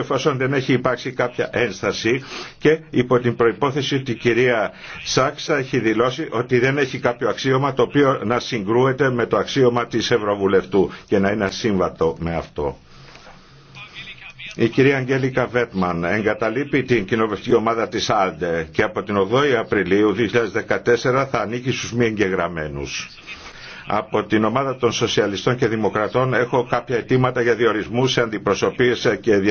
εφόσον δεν έχει υπάρξει κάποια ένσταση και υπό την προϋπόθεση ότι η κυρία Σάξα έχει δηλώσει ότι δεν έχει κάποιο αξίωμα το οποίο να συγκρούεται με το αξίωμα της Ευρωβουλευτού και να είναι σύμβατο με αυτό. Η κυρία Αγγέλικα Βέτμαν εγκαταλείπει την κοινοβουλευτική ομάδα της ΑΛΔΕ και από την 8η Απριλίου 2014 θα ανήκει στους μη εγγεγραμμένους. Από την ομάδα των Σοσιαλιστών και Δημοκρατών έχω κάποια αιτήματα για διορισμού σε αντιπροσωπείες και